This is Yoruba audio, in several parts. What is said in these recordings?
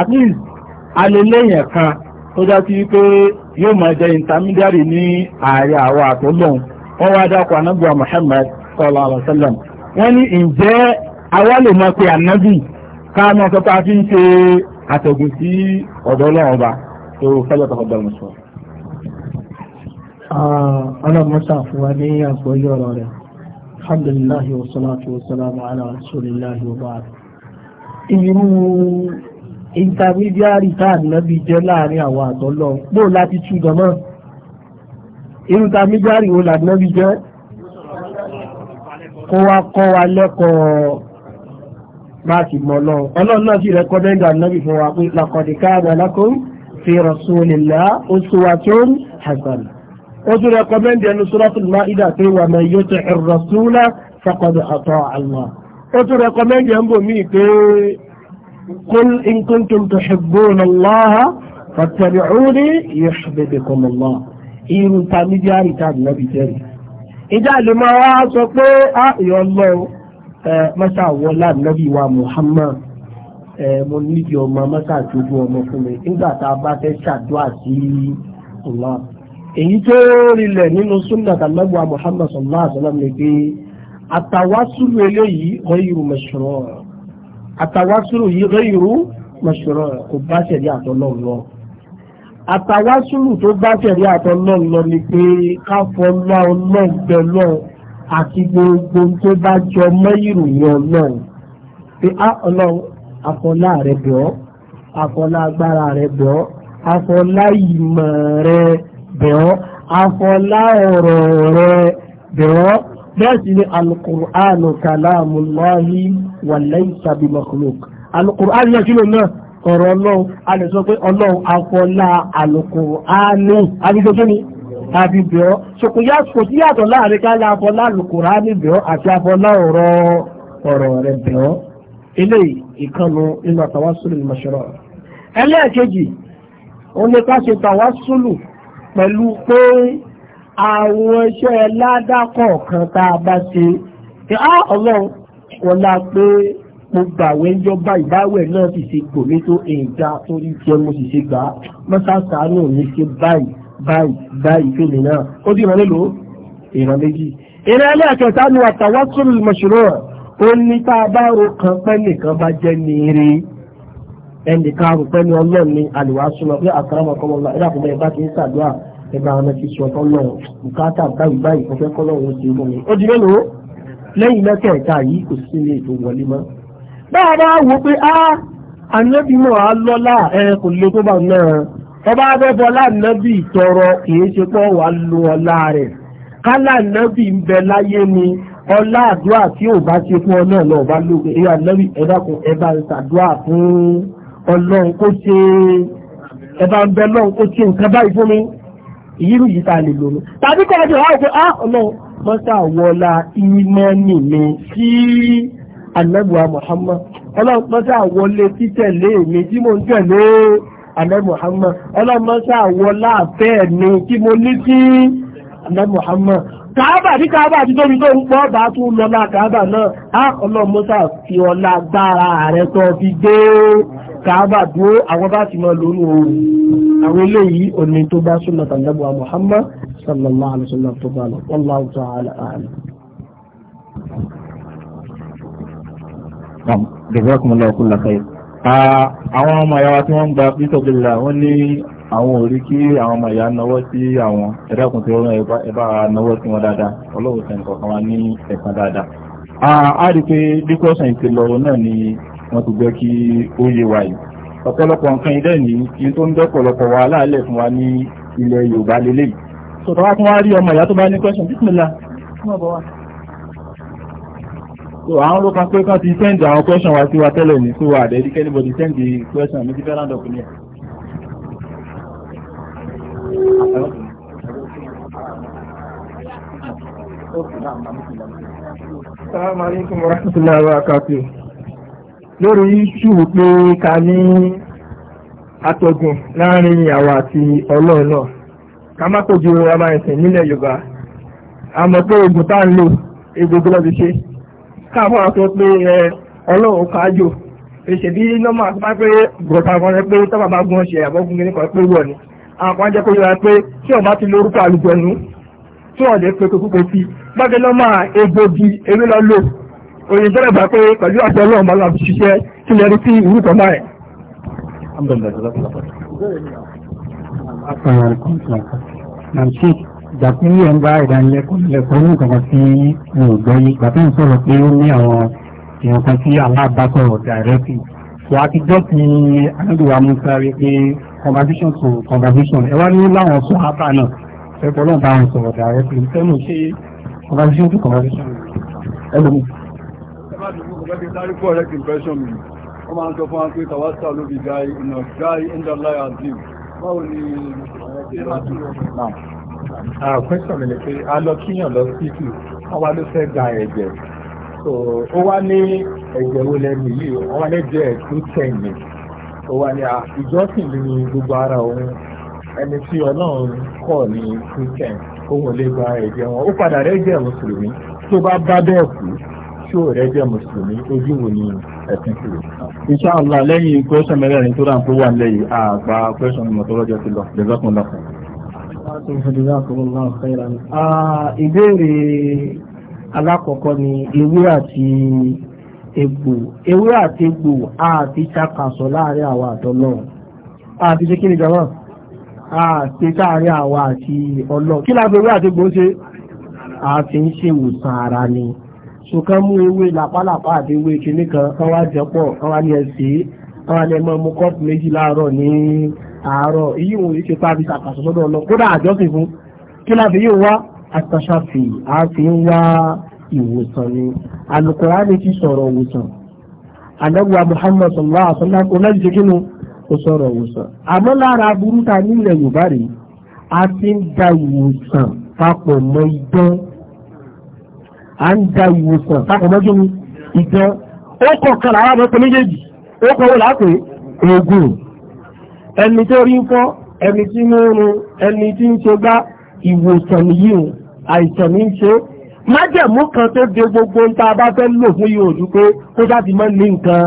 at least alẹ́lẹ́yìn kan tó já sí pé yóò máa jẹ intermediary ní ààrẹ àwọn àtọ́lọ́hun wọ́n wá dákọ̀ anábíwá Muhammad sallallahu alaihi wasallam wọ́n ní ǹjẹ́ àwa lè máa pe ànábì ká máa sọ pé a fi ń ṣe àtẹ̀gùn sí ọ̀dọ́ ọlọ́run ọba tó fẹ́lẹ̀ tó fọ́dọ̀ mọ̀ṣọ́. ọlọ́mọṣà fún wa ní àgbọ́yé ọ̀rọ̀ rẹ̀ alhamdulillahi wa salatu wa salamu ala rasulillahi wa ba'd. irú intermediary tá ànábì jẹ́ láàrin àwọn àtọ́lọ́ pò láti tú gọmọ́ intermediary wo làdínábì jẹ́ kó wá kọ́ wa lẹ́kọ̀ọ́ bá ti mọ̀ lọ ọlọ́run náà sì rẹ́kọ́dẹ́ndà ànábì fún wa pé làkọ̀dìkà àgbàlákùn fi rasulillah uswatun hasanah ó tún rẹ́kọ́dẹ́ndà ẹnu suratul maida pé wà man yuti'ir rasula faqad ata Allah ó tún rẹ́kọ́dẹ́ndà ń bò míì pé قل إن كنتم تحبون الله فاتبعوني يحببكم الله إن تامدياري تاب نبي تاري إذا لما واسطة يا الله مسا ولا نبي ومحمد mo níbi ọmọ mọ́tà tójú ọmọ fún mi nígbà tá a bá fẹ́ ṣàdúrà sí Allah èyí tó rinlẹ̀ nínú sunnah tàbí Muhammad sallallahu alaihi wasallam ni pé àtàwásùlù eléyìí ọ̀yìn mẹ̀ṣọ̀rọ̀ àtàwásùlù yìí ghayru mashru' kò bá ṣẹ̀rí àtọ́lọ́run lọ. àtàwásùlù tó bá ṣẹ̀rí àtọ́lọ́run lọ ni pé ká fọlá ọlọ́run bẹ̀lọ́ àti gbogbo tó bá jọ mọ́ ìròyìn ọlọ́run pé á ọlọ́run àfọlá rẹ̀ bẹ̀ ọ́ agbára rẹ̀ bẹ̀ ọ́ ìmọ̀ rẹ̀ bẹ̀ ọ́ ọ̀rọ̀ rẹ̀ bẹ̀ bẹ́ẹ̀ sì ni alukur'anu kalamullahi wa laysa bi makhluq alukur'anu náà kílò náà ọ̀rọ̀ ọlọ́run a lè sọ pé ọlọ́run afọlá alukur'anu abidjan ni kò sí yàtọ̀ láàrin afọlá alukur'anu àti afọlá ọ̀rọ̀ ọ̀rọ̀ ìkànnù ẹlẹ́ẹ̀kejì ká ṣe pẹ̀lú àwọn iṣẹ́ ládàkọ̀ kan tá a bá ṣe kí á ah, ọlọ́run wọn la pé mo gbàwé ń jọba ìbáwẹ̀ náà sì ṣe gbò mí tó èèjà torí tiẹ̀ mo sì ṣe gbà á mọ́sáàsánù mi ṣe báyìí báyìí báyìí fèlè náà ó dì ìran mélòó ìran méjì ìran ẹlẹ́ẹ̀kẹta ni àtàwọ́sùn mọ̀ṣúrọ̀ ó ní tá a bá ro kan pẹ́ nìkan bá jẹ́ ní rí ẹnìkan rò pẹ́ ní ọlọ́run ní àlùwàsùn náà pé àtàwọn ọmọkọ́mọ́ ẹ̀dá fún mi ẹ̀ ẹ bá wọn ti sọ tọ́lọ̀ bùkátà báyìí báyìí kò fẹ́ kọ́ lọ́wọ́ ṣe fún mi. ó di mélòó lẹ́yìn mẹ́tẹ̀ẹ̀ta yìí kò sí ilé ètò wọlé mọ́. báwa bá wò pé á ànábì náà á lọ́lá ẹ kò lè tó bá náà ọba abẹ́bọ lánàbì tọrọ kìí ṣe pọ́ wàá lo ọlá rẹ̀ kálánàbì ń bẹ láyé ni ọlá àdúrà tí ò bá ṣe fún ọ náà lọ bá lóògbé ẹ ànábì ẹ dákun ẹ bá ń ṣàdúrà fún ọlọ́run kó ṣe ẹ bá ń bẹ lọ́run kó ṣe nǹkan báyìí fún mi ìyírù yìí tá a lè lónú tàbí kọ́ ọjọ́ àwọn ah ọlọ́run mọ́sá wọlá ìmọ́nì mi sí anábùwà Muhammad ọlọ́run mọ́sá wọlé títẹ̀lé mi tí mo ń tẹ̀lé anábù Muhammad ọlọ́run mọ́sá wọlá àfẹ́ mi tí mo ní sí anábù Muhammad kàábà ní kàábà tí tóbi tó ń pọ́ bá tún lọ́lá kàábà náà ah ọlọ́run mọ́sá fi ọlá gbára rẹ̀ tó fi dé káàbà dúró àwọn bá ti máa lónú ooru àwọn eléyìí òní tó bá súnà tàǹdàbọ̀ Muhammad sallallahu alaihi wasallam tó bá lọ wallahu ta'ala a'lam. jazakumullahu kullu khair. àwọn ọmọ ìyá wa tí wọ́n ń gba bíṣọ̀ bílà wọ́n ní àwọn ò rí kí àwọn ọmọ ìyá náwó sí àwọn ẹ̀dẹ́kùn tí wọ́n ẹ bá náwó sí wọn dáadáa ọlọ́run nǹkan kan wá ní ẹ̀sán dáadáa. a rí i pé bí kọ́sàn ìpìlọ̀ náà ni wọ́n ti jẹ́ kí ó yé wa yìí ọ̀pọ̀lọpọ̀ nǹkan ilé ní kí tó ń dọ́pọ̀lọpọ̀ wa aláàlẹ̀ fún wa ní ilẹ̀ Yorùbá lélẹ̀ sọ̀tọ̀ wá tún wá rí ọmọ ìyá tó bá ní question bísímìlà mọ̀ bọ̀ wá. so àwọn ló kan pé kán ti send àwọn question wa sí wa tẹ́lẹ̀ ní so àdẹ́ dí kẹ́nìbọ̀dì send the question mi ti fẹ́ round up ní ẹ̀. Assalamu alaikum warahmatullahi wabarakatuh lórí ṣùgbọ́n pé ká ní atọ́gùn láàrin ìyàwó àti ọlọ́run náà ká má kó ju ọba ẹ̀sìn nílẹ̀ yorùbá àmọ́ pé ogun tá ń lò egbogbo lọ́bi ṣe káàmọ́ àti pé ọlọ́run kájò ìṣèbí nọ́mà tó bá pé gọ̀ọ̀tà kan rẹ pé tọ́ba bá gún ọṣẹ àbọ̀gún kìíní pé wọ̀ ni àwọn kan jẹ́ kó yọra pé tí ọba ti lórúkọ àlùjọ̀nù tí wọ́n lè pe kókó pe sí gbàgẹ́ nọ́mà egbògi ewé lọ́ lò òyìn tẹ́lẹ̀ bá pé pẹ̀lú àti ọlọ́run bá láti ṣiṣẹ́ kí lè rí sí ìlú kan báyìí. Nàìjíríà ìgbà tí ẹ̀ ń bá ìdánilẹ́kọ̀ọ́ lẹ́kọ̀ọ́ ní nǹkan kan tí mo gbọ́ yìí ìgbà tí mo sọ̀rọ̀ pé ó ní àwọn èèyàn kan tí aláàbásọ̀rọ̀ dàrẹ́tì. Wà á ti jọ́ ti Anábìwá Musa rí conversation to conversation ẹ wá ní láwọn sọ ábà náà ẹ̀kọ́ náà bá wọn sọ̀rọ̀ dàrẹ́tì. Sẹ́nu ṣe conversation to conversation wọ́n máa ń sọ fún wa pé tàwátà ló fi gáì ìnà ni àkọ́ṣọ̀ mi ni pé a lọ kíyàn lọ sí ìlú wọ́n wá ló fẹ́ gba ẹ̀jẹ̀ so ó wá ní ẹ̀jẹ̀ wo lẹ́nu yìí wọ́n wá lẹ́jẹ̀ tó tẹ̀yìn ó wá ní ah, ìjọsìn ní gbogbo ara òun ẹni tí ọlọ́run kọ̀ ní christian òun ò lè gba ẹ̀jẹ̀ wọn ó padà rẹ́jẹ̀ mùsùlùmí tó bá bá bẹ́ẹ̀ kú tí ò rẹ́ jẹ́ mùsùlùmí ojú wo ni ẹ̀sìn kúrò. insha Allah lẹ́yìn kwẹ́sàn mẹ́rẹ̀ẹ̀rin tó rà ń tó wà lẹ́yìn àgbà kwẹ́sàn mọ̀tọ́lọ́jọ́ ti lọ lẹ́gbẹ́kùn lọ́kùn. ìbéèrè alákọ̀ọ́kọ́ ni ewé àti egbò ewé àti egbò àti ṣàkàsọ̀ láàrin àwa àtọ́lọ́ àti ṣe kí ni jọba àti sáàrin àwa àti ọlọ́ kí láti ewé àti egbò ń ṣe àti ń ṣe ìwòsàn ara ni ṣùkán mú ewé làpálàpá àti ewé kìíní kan kan wá jẹ́pọ̀ kan wá ní ẹsẹ̀ kan wá ní ẹmọ mú kọ́ọ̀tù méjì láàárọ̀ ní àárọ̀ èyí òun ṣe pa àbí ṣàkàṣọ sọ́dọ̀ ọ̀nà kódà àjọsìn fún kí láti yóò wá àtàṣàfì àfi ń wá ìwòsàn ni Al-Qur'ani ti sọ̀rọ̀ ìwòsàn àdàgbà Muhammad sallallahu alaihi wasallam onájì kínú ó sọ̀rọ̀ ìwòsàn àmọ́ lára burúkú ta nílẹ̀ Yorùbá rèé a ti ń da ìwòsàn papọ̀ mọ́ idán à ń da ìwòsàn sákòmọ́jú ni ìtàn ó kọ̀ kan làwọn àmọ́ pé méjèèjì ó kọ̀ wọ́n lápè oògùn ẹni tó rí ń fọ́ ẹni tí ń rún ẹni tí ń ṣe gbá ìwòsàn nìyí o àìsàn ní í ṣe májẹ̀mú kan tó de gbogbo ń ta bá fẹ́ lò fún yóò dúpé kó sáti mọ́ ní nǹkan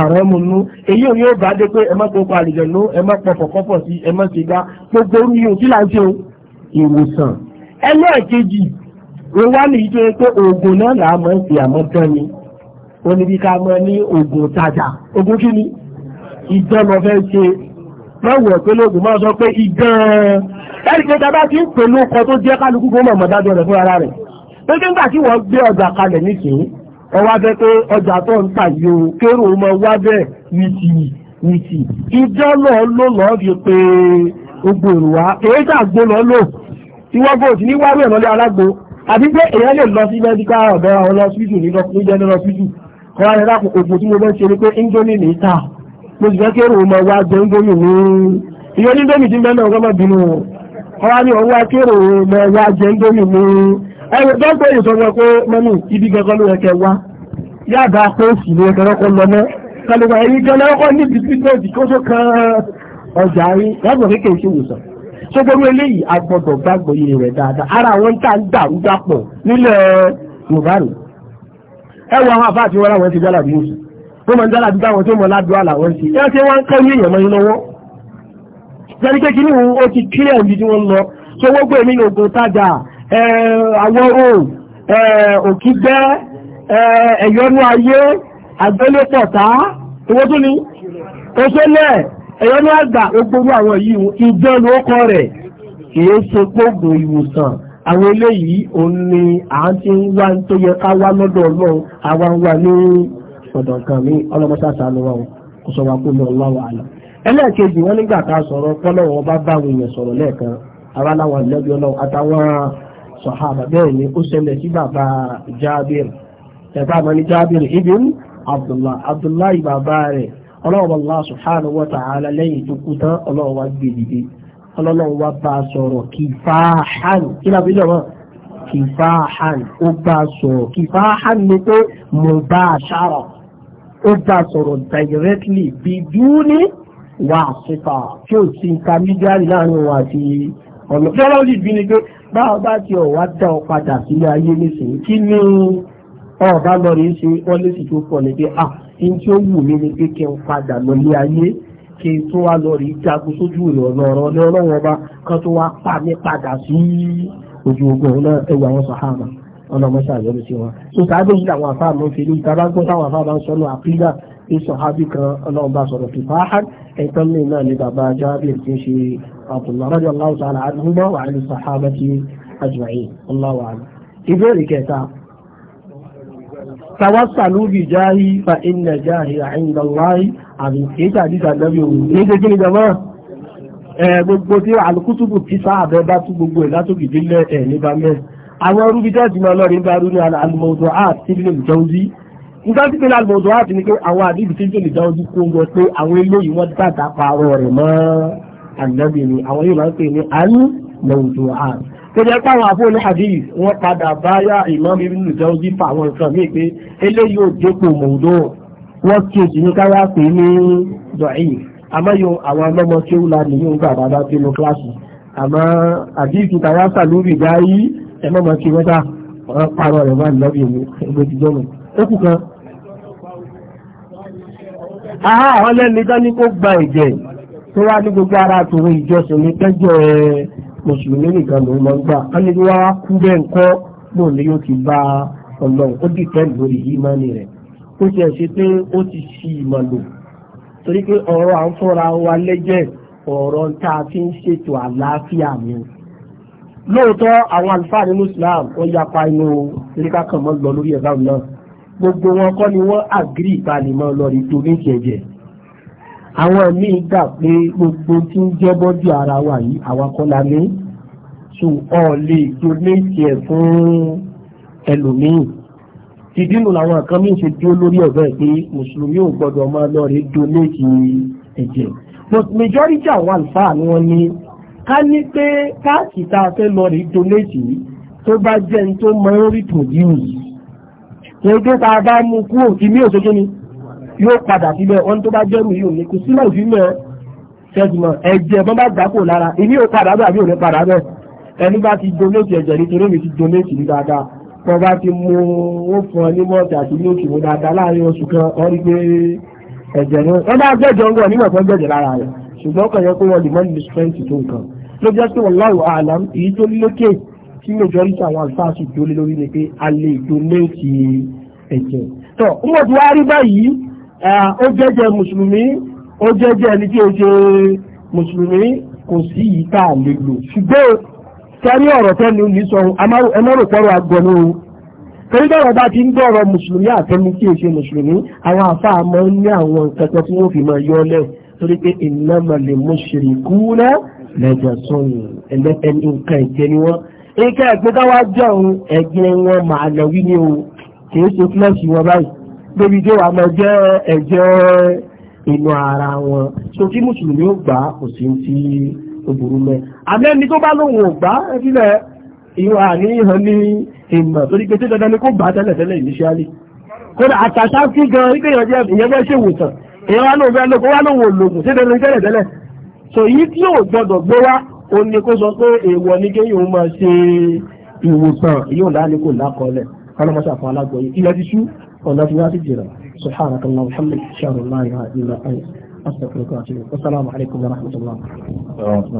àrẹ́mu nú èyí ò ní ó bá dé pé ẹ má gbogbo àlejò nú ẹ má pọ̀fọ̀kọ́fọ̀ sí ẹ má ṣe gbá gbogbo orí yóò kí là ń ṣe ìwòsàn ẹlẹ́ẹ̀kejì ó wá ní ìjọ pé oògùn náà là á mọ̀ sí àmọ́ tán ni ó ní bí ká mọ̀ ní oògùn tajà oògùn kí ni ìdán lọ fẹ́ ṣe lọ́wọ́ pé lóògùn máa sọ pé ìdán ẹ̀rí pé tàbá ti ń pè lóko tó jẹ́ kálukú kó mọ̀ mọ̀dájọ́ rẹ̀ fúnra rẹ̀ pé nígbà tí wọ́n gbé ọjà kalẹ̀ nísìnyí wọ́n wá fẹ́ pé ọjà tó ń tà yìí o kérò ọmọ wá bẹ́ẹ̀ nìtì nìtì ìdán lọ ló lọ́ọ́ fi pé gbogbo èrò wa èyí tà lọ lò tí wọ́n bò sí níwájú ẹ̀ lọ́lẹ́ alágbo àbí pé èèyàn lè lọ sí mẹ́díkà ọ̀dọ́ àwọn lọ́sídù ní jẹ́nu lọ́sídù kọ́ wá nígbà òkú tí mo fẹ́ ṣe ni pé indomie ní ta mo sì fẹ́ kéèrò ọmọ wa jẹ indomie ní ìyẹn ní indomie ti ń bẹ́ náà ọgọ́mọ bínú kọ́ wá ní ọwọ́ kéèrò ọmọ wa jẹ indomie ní ẹ̀rọ tó ń pè é sọ́jọ́ pé mẹ́nu ibi gangan ló yẹ kẹ wá yáàdá pé òsì ló yẹ kẹ lọ́kọ́ ṣogbóró eléyìí a gbọ́dọ̀ gbàgbọ́ iye dáadáa ara àwọn tá ń dàrú dàpọ̀ nílẹ̀ yorùbá rẹ̀ ẹ wo àwọn àfáà tí wọn láwọn ti jálà bí oṣù tó mọ jálà bí táwọn tó mọ ládùú àlàwọn ti ẹ ṣe wọn ń kọ́ ní èèyàn mọ́yìn lọ́wọ́ jẹ́ni pé kí níhun ó ti kílẹ̀ ibi tí wọ́n lọ tó wọ́n gbé nínú ogun tájà àwọ̀rò òkígbẹ́ ẹ̀yọ́nú ayé àgbélépọ̀tá owó tó ní oṣó lẹ́ẹ̀ ẹ̀yọ́ ní àgbà ogbóró àwọn yìí ìjọ ló kọ́ rẹ̀ kìí ṣe gbógun ìwòsàn àwọn eléyìí òun ni à ń ti ń wá tó yẹ ká wá lọ́dọ̀ ọlọ́run àwa ń wá ní ló wà sọ wa kó lọ lọ́wọ́ àlọ́ ẹlẹ́ẹ̀kejì wọn nígbà tá ara láwọn àtàwọn ni ó ṣẹlẹ̀ sí bàbá Jábìr ọlọ́run Allah subhanahu wa ta'ala lẹ́yìn tó kú tán ọlọ́run wa gbé dìde ọlọ́run wa bá a sọ̀rọ̀ kìfáhàn kí ló bí lọ́wọ́ kìfáhàn ó bá a sọ̀rọ̀ kìfáhàn ni pé mubashara ó bá a sọ̀rọ̀ directly biduni wasita tí ó ti intermediary láàrin wa àti ọ̀nà tí ọlọ́run lè bí ni pé báwo bá ti ọ̀ wá dá ọ padà sílé ayé nísìnyí kí ni ọ̀ bá lọ rí ṣe wọ́n lè sì tó pọ̀ ní pé ah, in tí ó wù mí ni pé kí n padà lọlé ayé kí n tó wá lọ rí jagun sójú ìrọ̀lọ́ ọ̀rọ̀ ní ọlọ́wọ́n ọba kan tó wá pa mí padà sí ojú ogun náà ẹwà àwọn sàhámà ọlọ́mọṣà yọrù sí wọn. tó sáábẹ̀ yìí làwọn afá mi ń fi ní ìtara gbọ́ táwọn afá bá ń sọ ní àpílà ní sọ̀hábì kan ọlọ́run bá sọ̀rọ̀ fìfà áhàn ẹ̀tọ́ mi náà ni bàbá jábìr ti ń ṣe Abdullahi radiyallahu tawassalu bi jahi fa inna jahi inda Allahi àbí kìí tàbí tàbí òun ní ṣe kí ni jọmọ́ ẹ gbogbo tí alukutubu ti sá abẹ bá tún gbogbo ẹ látòkè délẹ̀ ẹ nígbà mẹ àwọn rúbi tẹ́ẹ̀tì máa lọ rí bá rú ní alimọ̀dọ̀ art tí ilé ìjọuzi nǹkan tí pẹ̀lú alimọ̀dọ̀ art ni pé àwọn àdìbì tí ilé ìjọuzi kó ń bọ pé àwọn eléyìí wọ́n dàgbà parọ́ rẹ̀ mọ́ àgbẹ̀bì àwọn yóò máa ń pè ní alimọ̀dọ̀ art tó jẹ́ pàwọn àfóònù hadith wọ́n padà báyà ìmọ̀mí nínú ìjọ ojú fà àwọn nǹkan míì pé eléyìí ò dépò mòdó wọ́n o èsì ní káwá pé ní dọ̀yìn àmọ́ yóò àwọn ọlọ́mọ tí ó la nìyí ń gbà bàbá tí mo kíláàsì àmọ́ hadith tàwa sà lórí ìgbà yìí ẹ mọ̀mọ́ kí wọ́n dà ọ̀rọ̀ parọ́ rẹ̀ wà lọ́bì mi ẹgbẹ́ ti jọ́nù ó kù kan. aha àwọn lẹ́nu dání kó gba ẹ̀jẹ̀ tó wá ní gbogbo mùsùlùmí nìkan ló máa ń gbà á ní wá kú bẹ́ẹ̀ ńkọ́ bóun ni yóò ti bá ọlọ́run ó dìtẹ́ lórí ìmánì rẹ̀ ó ti ẹ̀ ṣe pé ó ti ṣì ìmọ̀ lò torí pé ọ̀rọ̀ à ń fọ́ra wa lẹ́jẹ̀ ọ̀rọ̀ tá a fi ń ṣètò àlàáfíà mi lóòótọ́ àwọn àlùfáà nínú Islam ó yapa inú erékà kan mọ́ lọ lórí ẹ̀bá náà gbogbo wọn kọ́ ni wọ́n àgírí ìpalẹ̀mọ́ lọ àwọn míì gbà pé gbogbo tí ń jẹ́ bọ́dì ara wa yìí àwa kọ́ la ní so ọ lè donate ẹ̀ fún ẹlòmíì ìdínú làwọn kan míì ṣe dúró lórí ọ̀gá ẹ̀ pé mùsùlùmí ò gbọ́dọ̀ máa lọ rí donate ẹ̀jẹ̀ but majority àwọn àlùfáà ni wọ́n ní ká ní pé káàkì tá a fẹ́ lọ rí donate yìí tó bá jẹ́ ní tó máa ń rí produce ẹgbẹ́ tá a bá mú kúrò kí ní òṣèké ni yóò padà síbẹ̀ wọn tó bá jẹ́rù yìí ò ní kò sílẹ̀ ìfilẹ̀ ṣẹ́gbọ̀n ẹ̀jẹ̀ bọ́n bá dàpò lára èmi ò padà bẹ́ẹ̀ àbí ò ní padà bẹ́ẹ̀ ẹni bá ti donate ẹ̀jẹ̀ nítorí mi ti donate ní dáadáa tó bá ti mú ó fún ọ ní mọ́ọ̀tì àti ní òkè mú dáadáa láàrin oṣù kan ọ rí pé ẹ̀jẹ̀ ni wọ́n bá gbẹ̀jọ̀ ń gbọ̀ nígbà tó ń gbẹ̀jẹ̀ lára rẹ̀ ṣùgbọ́n kàn yẹ pé wọ́n lè mọ́ ní strength tó nǹkan ló jẹ́ pé wallahu a'lam èyí tó lókè tí majority àwọn àlùfáà sì dólé lórí ni pé a lè donate ẹ̀jẹ̀ tó ń mọ̀ tí wàá rí báyìí ó jẹ́jẹ́ mùsùlùmí ó jẹ́jẹ́ ẹni tí ó ṣe mùsùlùmí kò sí yìí tá a lè lò ṣùgbọ́n sẹ́rí ọ̀rọ̀ tẹ́ni ní sọ ẹmọ́rò pọ́rọ̀ agbọ̀nù o torí bọ́rọ̀ bá ti ń dọ̀rọ̀ mùsùlùmí àtẹni tí ó ṣe mùsùlùmí àwọn àfáà mọ́ ní àwọn kẹ̀kẹ́ tí wọ́n fi máa yọ lẹ̀ torí pé innamal mushrikuna najasun ẹlẹ́tẹ̀ni nǹkan ẹ̀jẹ̀ ni wọ́n nǹkan ẹ̀gbẹ́ débi tí wàá máa jẹ́ ẹ̀jẹ̀ inú ara wọn so kí mùsùlùmí ó gbà kò sí ti òbúrú mẹ́ àmẹ́ni tó bá lóun ò gbà sílẹ̀ ìwà àníyàn ní ìmọ̀ torí pé tí dandan ni kò bá tẹ́lẹ̀ tẹ́lẹ̀ ìníṣẹ́lẹ̀ kódà àtàṣà sí gan ipé ìyànjẹ ìyẹn fẹ́ ṣe ìwòsàn èèyàn wá lóun fẹ́ lóko wá lóun òlògùn tí dandan tẹ́lẹ̀ tẹ́lẹ̀ so yìí tí ò gbọdọ̀ gbé wá ó ní kó sọ pé èèwọ̀ ni kéèyàn máa ṣe ìwòsàn yóò láni lákọọlẹ̀ kọ́lọ́mọṣà fún alágbọ̀yé ilẹ̀ ti ṣú ولا تنادي الجيران سبحانك اللهم وبحمدك اشهد ان لا اله الا انت استغفرك واتوب والسلام عليكم ورحمه الله